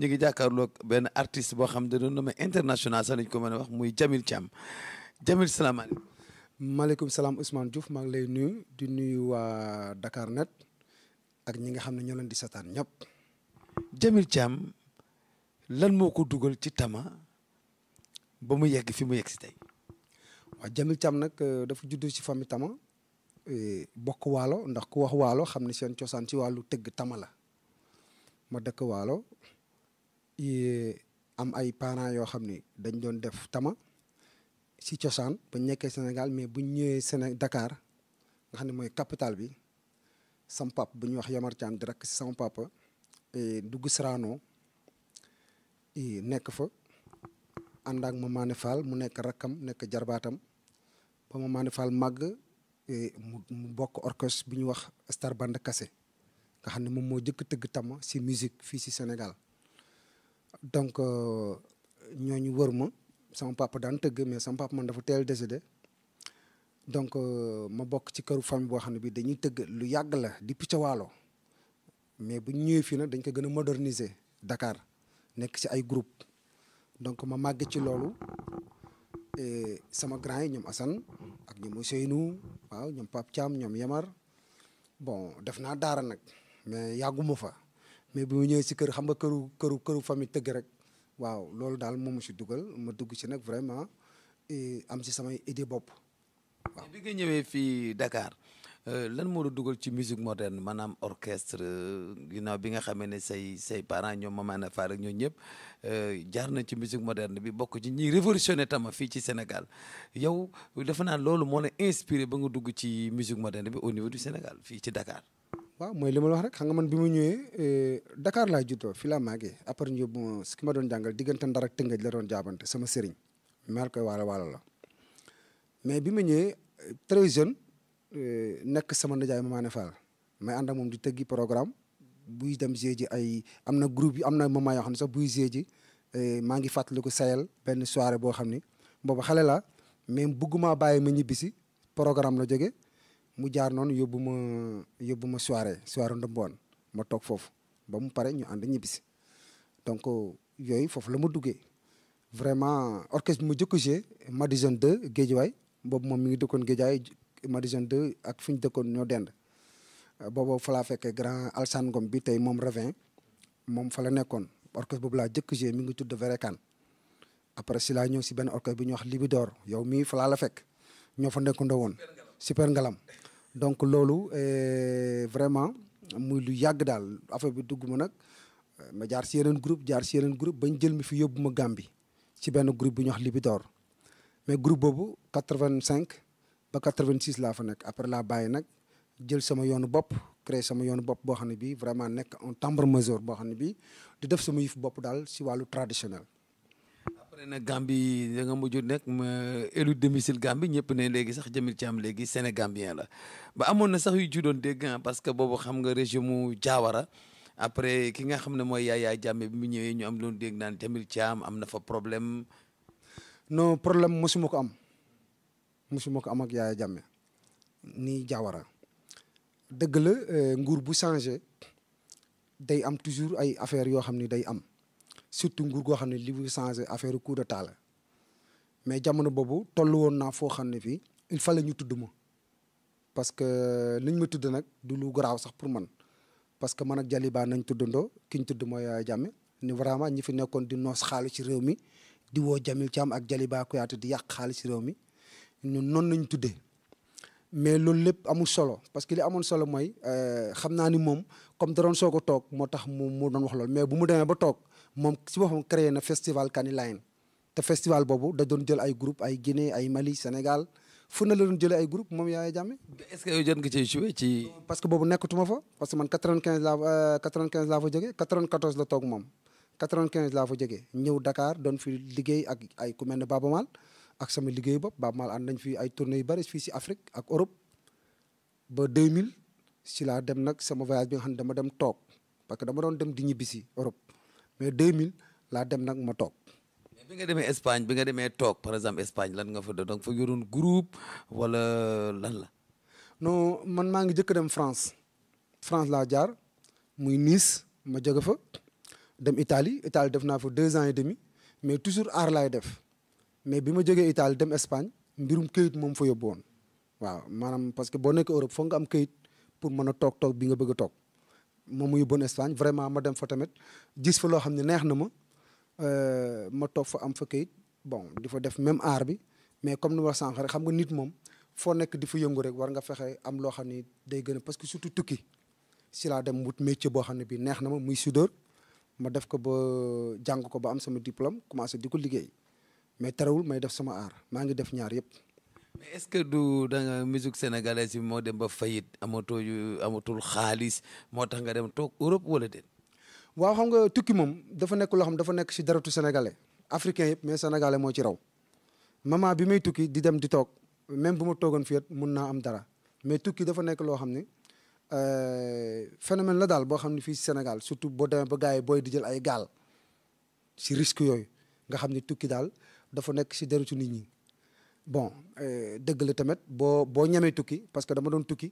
ñu ngi benn artiste boo xam ne dañoo nommé international lañ ko mën a wax muy Jamil Thiam Jamil salaamaaleykum. maaleykum salaam Ousmane Diouf maa ngi lay nuyu di nuyu waa Dakar Net ak ñi nga xam ne ñoo leen di seetaan ñëpp. Jamil Thiam lan moo ko dugal ci tama ba mu yegg fi mu yegg si tey. waaw Jamil nag euh, dafa juddu ci famille tama bokk waalo ndax ku wax waalo xam ne seen cosaan ci wàllu tëgg tama la ma dëkk waalo am ay parent yoo xam ni dañ doon def tama si cosaan bañ nekkee Sénégal mais buñ ñëwee Séné dakaar nga xam ne mooy capital bi sam pap bu ñuy wax Yamar Thiam di rakk si sama papa e, dugg Saraano e, nekk fa ànd ak Mamane Fall mu nekk rakkam nekk jarbaatam ba Mamane Fall màgg e, mu bokk orchestre bu ñuy wax starband kase nga xam ne moom moo jëkk tëgg tama si musique fii si Sénégal donc euh, ñooñu wër ma sama papa daan tëgg mais sama papa man dafa teel décédé donc euh, ma bokk ci këru famille boo xam ne bi dañuy tëgg lu yàgg la di piccawaalo mais bu ñu ñëwee fii nag dañ ko gën a moderniser dakaar nekk ci ay groupe donc ma màgg ci loolu sama grand yi ñoom Assane ak ñoom nu waaw ñoom Pape Thiam ñoom Yamar bon def naa daara nag mais yàgguma fa mais bi mu ñëwee si kër xam nga këru këru këru famille tëgg rek waaw loolu daal moom mu si dugal ma dugg si nag vraiment am si samay idée bopp waaw. bi nga ñëwee fii Dakar euh, lan moo la dugal ci musique moderne maanaam orchestre ginnaaw bi nga xamee ne say say parents ñoom Mamana Fall ak ñoo ñëpp euh, jaar na ci musique moderne bi bokk ci ñi révolutionné tama fii ci Sénégal yow defe naa loolu moo inspire ba nga dugg ci musique moderne bi au niveau du Sénégal fii ci Dakar. waaw mooy li ma wax rek xam nga man bi mu ñëwee eh, Dakar laa juddoo fi laa màggee après ñu yóbbu ki ma doon jàngal diggante Ndar ak Tëngéej la doon jaabante sama sëriñ maa koy waala la mais bi ma ñëwee très jeune eh, nekk sama nijaay Mamane Fall may ànd ak moom di tëggi programme buy dem géej ji ay am na groupe yi am na moment yoo xam ne sax buy géej ji eh, maa ngi fàttaliku sayal benn soirée boo xam ni boobu xale laa mais bugguma bàyyi ma ñibbisi programme la jege mu jaar noonu yóbbu ma yóbbu ma soirée soirée ndëmboon ma toog foofu ba mu pare ñu ànd ñibbisi donc yooyu foofu la ma duggee vraiment orchestre bi ma jëkk joué Madison 2 Géejawaay boobu moom mi ngi dëkkoon Géejawaay Madison 2 ak fi ñu dëkkoon ñoo dend boobu fa laa fekkee grand bi tey moom Ravin moom fa la nekkoon orchestre boobu laa jëkk joué mi ngi tudd Verekan après si laa ñëw si benn orchestre bi ñu wax libidoor yow mii fa laa la fekk ñoo fa nekkoon woon super ngalam donc loolu euh, vraiment muy lu yàgg daal affaire bi dugg ma nag euh, ma jaar si yeneen groupe jaar si yeneen groupe bañ jël mi fi yóbbu ma Gambie si benn groupe bu ñuy wax Libidor mais groupe boobu 85 ba 86 laa fa nekk après laa bàyyi nag jël sama yoonu bopp créé sama yoonu bopp boo xam ne bii vraiment nekk un tambour major boo xam ne bii di def sama yëf bopp daal si wàllu traditionnel. ne na Gambie da nga mujj nekk ma élu domicile Gambie ñëpp ne léegi sax Jamil Thiam léegi sénégambien la ba amoon na sax yu judoon dégg ah, parce que boobu xam nga régime mu Jawara après ki nga xam ne mooy yaaya Jammeh bi mu ñëwee ñu am loon dégg naan Jamil Thiam am na fa problème non problème mosuma ko am mosuma ko am ak Yaya Jammeh nii jaawara dëgg la euh, nguur bu changé day am toujours ay affaires yoo xam ni day am surtout nguur goo xam ne li muy changé affaire coup d'état la mais jamono boobu tollu woon naa foo xam ne fii il fallait ñu tudd ma parce que niñ ma tudd nag du lu garaaw sax pour man parce que man ak Jaliba nañ tuddandoo ki ñu tudd mooy Yaya Jammeh ni vraiment ñi fi nekkoon di noos xaalis ci réew mi di woo Jamil Thiam ak Jaliba Kouyaté di yàq xaalis ci réew mi ñun noonu nañ tuddee mais loolu lépp amul solo parce que li amoon solo mooy euh, xam naa ni moom comme da doon toog moo tax mu mu doon wax loolu mais bu mu demee ba toog moom si boppam créé na festival Kani Line te festival boobu da doon jël ay groupe ay Guinée ay Mali Sénégal fu na la doon jëlee ay groupe moom Yaya Jammeh. est-ce que yow jot nga ci joué ci. parce que boobu nekkatuma fa parce que man 95 laa 95 laa fa euh, jógee 94 la toog moom 95 laa fa jógee ñëw Dakar doon fi liggéey ak ay ku mel ne Baaba Maal ak sama liggéey bopp Baaba Maal ànd nañ fi ay tournées yu bëri fii si Afrique ak Europe ba 2000 si laa dem nag sama voyage bi nga xam ne dama dem toog parce que dama doon dem di ñibbisi Europe. mais mille laa dem nag ma toog. bi nga demee Espagne bi nga demee toog par exemple Espagne lan nga fa doon donc fa yoroon groupe wala lan la. non man maa ngi jëkk dem France France laa jaar muy Nice ma jóge fa dem Italie Italie def naa fa deux ans et demi mais toujours aar laay def mais bi ma jegee Italie dem Espagne mbirum këyit moom fa yóbbu woon waaw maanaam parce que boo nekk Europe foo nga am këyit pour mën a toog toog bi nga bëgg a toog. moom muy bon Espagne vraiment ma dem fa tamit gis fa loo xam ne neex na ma euh, ma toog fa am fa kayit bon di fa def même art bi mais comme ni wax sànq rek xam nga nit moom foo nekk di fa yëngu rek war nga fexe am loo xam ne day gën parce que surtout tukki si laa dem wut métier boo xam ne bii neex na ma muy soudeur ma def ko ba jàng ko ba am sama diplôme commencé di ko liggéey mais terewul may def sama art maa ngi def ñaar yëpp. mais est-ce que du da nga musique sénégalaise moo dem ba fayit amatoo amatul xaalis moo tax nga dem toog Europe wala déet. waaw xam nga tukki moom dafa nekk loo xam dafa nekk si daratu sénégalais africain yëpp mais sénégalais moo ci raw maman bi may tukki di dem di toog même bu ma toogoon fii mun naa am dara mais tukki dafa nekk loo xam ne euh, phénomène la daal boo xam ne fii Sénégal surtout boo demee ba gars yi booy di jël ay gaal si risque yooyu nga xam ni tukki daal dafa nekk si daratu nit ñi. bon euh, dëgg la tamit boo boo ñamee tukki parce que dama doon tukki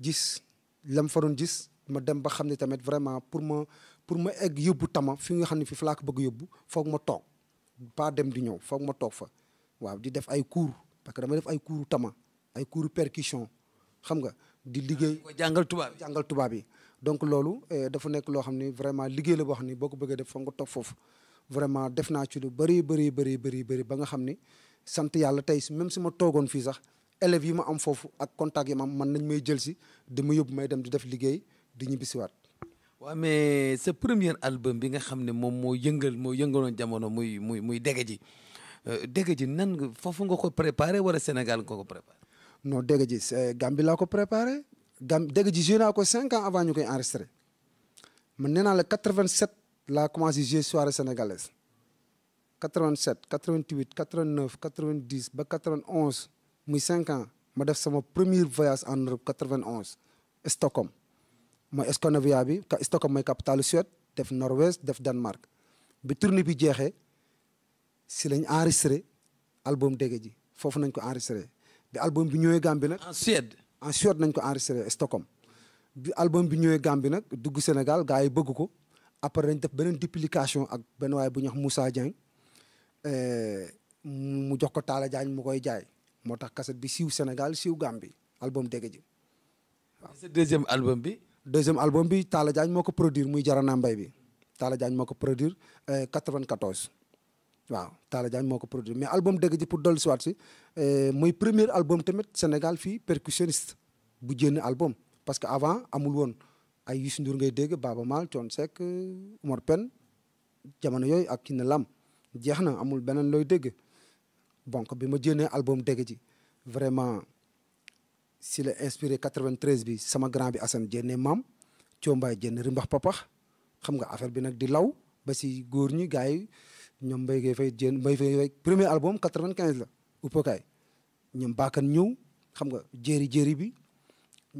gis lam fa doon gis ma dem ba xam ne tamit vraiment pour ma pour ma egg yóbbu tama fi nga xam ne fi fa laa ko bëgg yóbbu foog ma toog pas dem di ñëw foog ma toog fa waaw di def ay cours parce que dama def ay cours tama ay cours percussion xam nga di liggéey ah, jàngal tubaab yi jàngal tubaab yi donc loolu euh, dafa nekk loo xam ne vraiment liggéey la boo xam ni boo ko bëggee def foog nga toog foofu vraiment def naa ci lu bëri bëri bëri bëri bëri ba nga xam ni sant yàlla tey si même si ma toogoon fii sax élèves yi ma am foofu ak contact yi ma am man nañ may jël si di mu yóbbu may dem di def liggéey di ñibbisiwaat. waa mais sa premier album bi nga xam ne moom moo yëngal moo yëngaloon jamono muy muy muy dégg ji euh, dégg ji nan nga foofu nga ko préparé wara Sénégal nga ko préparé. non dégg ji Gambie laa ko préparé Gambie dégg ji joué naa ko cinq avant ñu koy enregistré man nee naa la 87 laa commencé jouer soirée sénégalaise. 87 88 89 90 ba 91 muy 5 ans ma def sama premier voyage en Europe 91 Stockholm ma Scandinavie bi Stockholm may capitale Suède def Norvège def Danemark bi tournée bi jeexee si lañ enregistré album Dégé ji foofu nañ ko enregistré bi album bi ñëwee Gambie nag. en Suède en Suède nañ ko enregistré Stockholm bi album bi ñëwee Gambie nag dugg Sénégal gars yi bëgg ko après dañ def beneen duplication ak benn waaye bu ñuy wax Moussa Dieng. Eh, mu jox ko Talla Diagne mu koy jaay moo tax cassette bi siiw Sénégal siiw Gambie album dégg ji waaw. c'est deuxième album bi. deuxième album bi Talla jaañ moo ko produire muy Jarana Mbay bi Talla Diagne moo ko produire 94 eh, waaw Talla Diagne moo ko produire mais album dégg ji pour dolli si si eh, mooy premier album tamit Sénégal fii percussionniste bu jënn album parce que avant amul woon ay Youssou Ndour ngay dégg Baaba Maal Thione Seck Mor Pène jamono yooyu ak Kiné Lam jeex na amul beneen looy dégg donc bi ma jénnee album dégg ji vraiment si la inspiré 93 bi sama grand bi Assane jénnee maam coombaay jénn rimbax papax xam nga affaire bi nag di law ba si góor ñi gars yi ñoom mbéy gay fay jénn mbéy fay premier album 95 la uppakaay ñoom baakan ñëw xam nga jéeri jéeri bi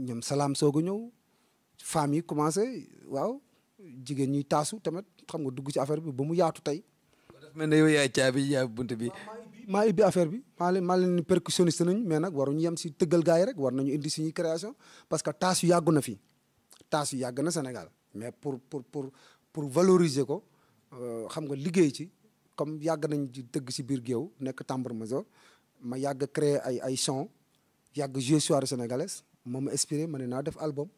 ñoom salaam soog a ñëw femmes yi commencé waaw jigéen ñuy taasu tamit xam nga dugg ci affaire bi ba mu yaatu tey mel ne yow yaay caabi yaay bunt bi. maa ibbi affaire bi maa leen maa leen percussionniste mais nag waruñu yem si tëggal gars yi rek war nañu indi suñuy création parce que taas yu yàggu na fi taas yu yàgg na Sénégal mais pour pour pour pour valoriser ko euh, xam nga liggéey ci comme yàgg nañ ci tëgg si biir géew nekk tambour major ma yàgg créer ay ay son yàgg jouer soirée sénégalaise moom ma inspiré ma naa def album.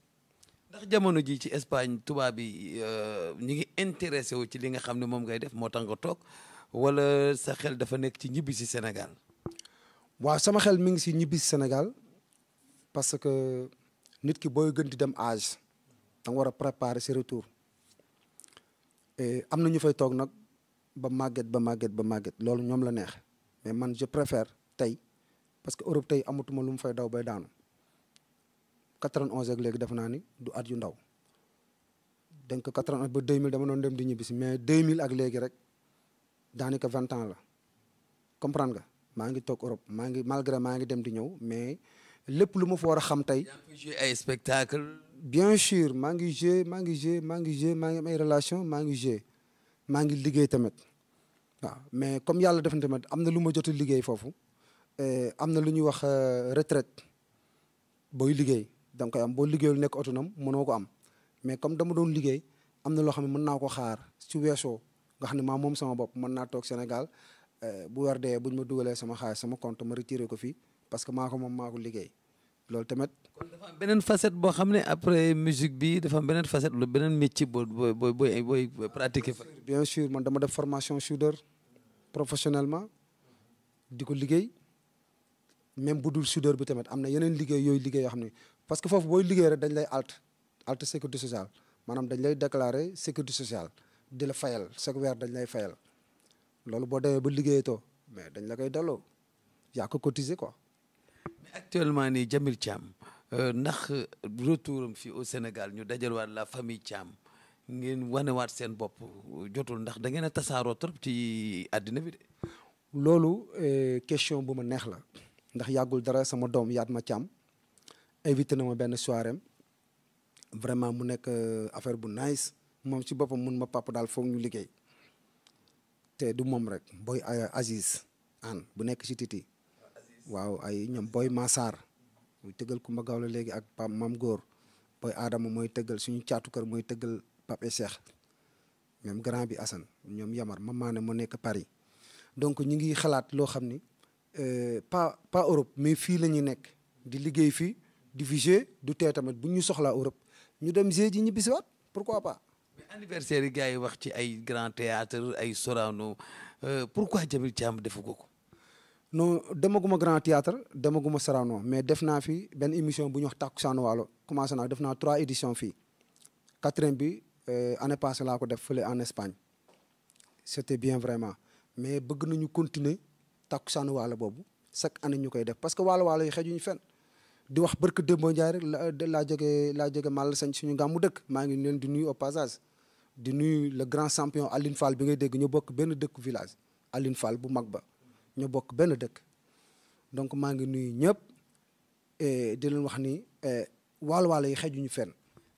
ndax jamono ji ci Espagne tubaab bi euh, ñu ngi intéressé wu ci li nga xam ne moom ngay def moo tax nga toog. wala sa xel dafa nekk ci ñibbi si Sénégal. waa sama xel mi ngi si ñibbi si Sénégal parce que nit ki booy gën di dem âge da war a préparer sa retour am na ñu fay toog nag ba màgget ba màgget ba màgget loolu ñoom la neex mais man je préfère tey parce que Europe tey amatuma lu mu fay daw bay daanu 91 ak léegi def naa ni du at yu ndaw donc 91 ba 2000 dama doon dem di ñibbi si mais 2000 ak léegi rek. daanaka vingt ans la comprendre nga maa ngi toog Europe maa ngi malgré maa ngi dem di ñëw mais lépp lu ma fa war a xam tey. ay spectacle bien sûr maa ngi joué maa ngi joué maa ngi joué maa ngi am relation maa ngi joué maa ngi liggéey tamit waaw mais comme yàlla def na tamit am na lu ma jot liggéey foofu eh, am na lu ñuy wax euh, retraite booy liggéey donc nga koy am boo liggéeyul nekk autonom mënoo ko am mais comme dama doon liggéey am na loo xam ne mën naa ko xaar si weesoo. nga xam ne maa moom sama bopp mën naa toog Sénégal eh, bu weer dee buñ ma dugalee sama xaalis sama compte ma retiré ko fii parce que maa moom maa ko liggéey loolu tamit. kon beneen facette boo xam ne après musique bi dafa am beneen facette lu beneen métier boo booy booy pratiquer fa. bien sûr man dama de formation soudeur professionnellement di ko liggéey même bu dul soudeur bi tamit am na yeneen liggéey yooyu liggéey yoo xam ne parce que foofu booy liggéey rek dañ lay alt alt sécurité sociale maanaam dañ lay déclarer sécurité sociale. di la fayal chaque weer dañ lay fayal loolu boo demee ba liggéeyatoo mais dañ la koy daloo yaa ko cotiser ko mais actuellement nii Jamil Thiam euh, ndax am fi au Sénégal ñu dajalwaat la famille Thiam ngeen wanewaat seen bopp jotul ndax da ngeen a tasaaroo trop ci àddina bi de. loolu euh, question bu ma neex la ndax yàggul dara sama doom yaat ma Thiam invité na ma benn soirée vraiment mu nekk euh, affaire bu nice moom ci boppam mun ma papa daal foog ñu liggéey te du moom rek booy Aziz an bu nekk ci titi waaw ay ñoom booy Massar muy tëggal Kumba Gawlo léegi ak pam mam góor booy Adama mooy tëggal suñu caatu kër mooy tëggal Pape et Cheikh bi Assane ñoom Yamar mamaane mu nekk Paris donc ñu ngi xalaat loo xam ni euh, pas pas Europe mais fii la ñuy nekk di liggéey fii di vigé du tee tamit bu ñu soxlaa Europe ñu dem g ji ñibbisiwaat pourquoi pas anniversaire yi gars yi wax ci ay grand théâtre ay Sorano euh, pourquoi Jamil Thiam defu ko ko. non demaguma grand théâtre demaguma Sorano mais def naa fi benn émission bu ñu wax takk Takkusaanu Waalo commencé naa def naa trois éditions fii quatrième bi euh, année passée laa ko def fële en Espagne c' était bien vraiment mais bëgg nañu continuer Takkusaanu Waalo boobu chaque année ñu koy def parce que waalo waalo yi xejuñu fenn. di wax barke Demba Ndiaye rek la laa jógee laa jógee Màll sañ suñu gàmmu dëkk maa ngi leen di nuyu au di nuyu le grand champion Aline Fall bi ngay dégg ñu bokk benn dëkk village Aline Fall bu mag ba ñu bokk benn dëkk donc maa ngi nuyu ñëpp di leen wax ni waalo waalo yi xejuñu fenn.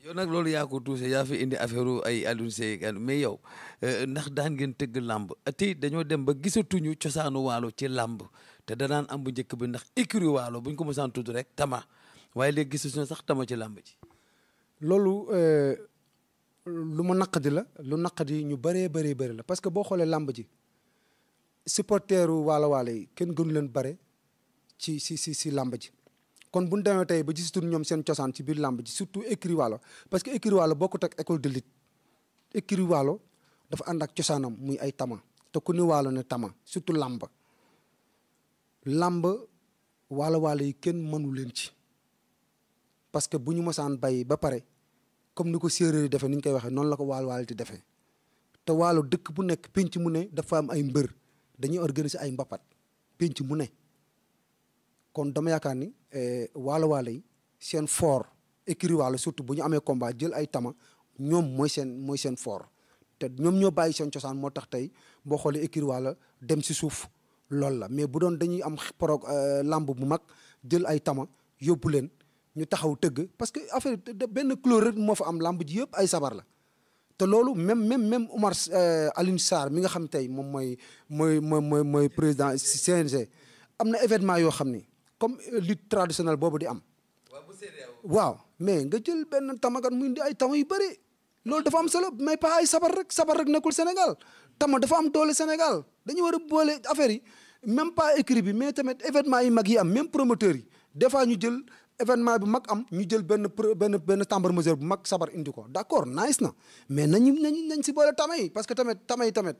yow nag loolu yaa ko tuuse yaa fi indi affaire ay Alioune Seye mais yow euh, ndax daan ngeen tëgg làmb te dañoo dem ba gisatuñu cosaanu waalo ci làmb te danaan am bu njëkk bi ndax écurie waalo bu ñu ko mosaan tudd rek tama waaye léegi gisatuñu sax tama ci làmb ci loolu. Euh, lu ma naqadi la lu naqadi ñu bëree bëree bëri la parce que boo xoolee làmb ji supporteru waalo waalo yi kenn gënu leen bare ci si si si làmb ji kon bu ñu demee tey ba gisutul ñoom seen cosaan ci biir làmb ji surtout écurie Waalo parce que écurie Waalo bokkut ak école de lutte écurie Waalo dafa ànd ak cosaanam muy ay tama te ku ne Waalo ne tama surtout làmb làmb Waalo Waalo yi kenn mënu leen ci parce que bu ñu mosaan bay ba pare comme ni ko séeréer yi defee ni ñu koy waxee noonu la ko waal waal di defee te waalo dëkk bu nekk penc mu ne dafa am ay mbër dañuy organiser ay mbapat penc mu ne kon dama yaakaar ni eh, waalo waalo yi seen fort écurie waalo surtout bu ñu amee combat jël ay tama ñoom mooy seen mooy seen fort te ñoom ñoo bàyyi seen cosaan moo tax tey boo xoolee écurie waalo dem si suuf loolu la mais bu doon dañuy am pro eh, lamb bu mag jël ay tama yóbbu leen ñu taxaw tëgg parce que affaire benn couleur rek moo fa am làmb ji yëpp ay sabar la te loolu même même même Omar euh, Alioune Sarr mi nga xam tey moom mooy mooy mooy mooy président CNG am na événement yoo xam ni comme lutte traditionnelle boobu di am. waaw mais nga jël benn tamakat muy indi ay tama yu bëri loolu dafa am solo mais pas ay sabar rek sabar rek nekkul Sénégal tama dafa am doole Sénégal dañu war a boole affaire yi même pas écrit bi mais tamit événement yi mag yi am même promoteur yi des fois ñu jël. événement bu mag am ñu jël benn benn benn tambour majeur bu mag sabar indi ko d' accord nice na mais nañu nañu nañ si boole tame yi parce que tamit tame yi tamit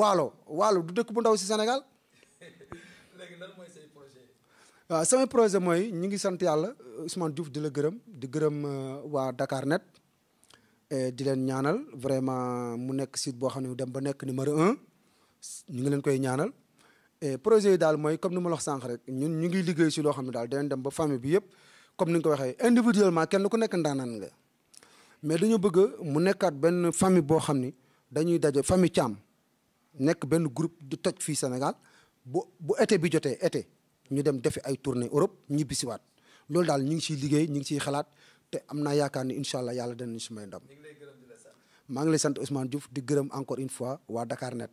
waalo du dëkk bu ndaw si Sénégal. léegi lan mooy waaw sama projet mooy ñu ngi sant yàlla Ousmane Diouf di la gërëm di gërëm euh, waa Dakar Net di leen ñaanal vraiment mu nekk site boo xam ne dem ba nekk numéro un ñu ngi leen koy ñaanal. projet yi daal mooy comme nu ma la wax sànq rek ñun ñu ngi liggéey si loo xam ne daal dinañ dem ba famille bi yëpp. comme ni nga ko waxee individuellement kenn ku nekk ndaanaan nga mais dañu bëgg mu nekkaat benn famille boo xam ni dañuy daje famille Thiam nekk benn groupe du toj fii Sénégal bu bu été bi jotee été ñu dem defi ay tournée Europe ñibbisiwaat loolu daal ñu ngi ciy liggéey ñu ngi ciy xalaat te am naa yaakaar ni incha yàlla yàlla danañ si may ndam. maa ngi lay sant Ousmane Diouf di gërëm encore une fois waa Dakar Net.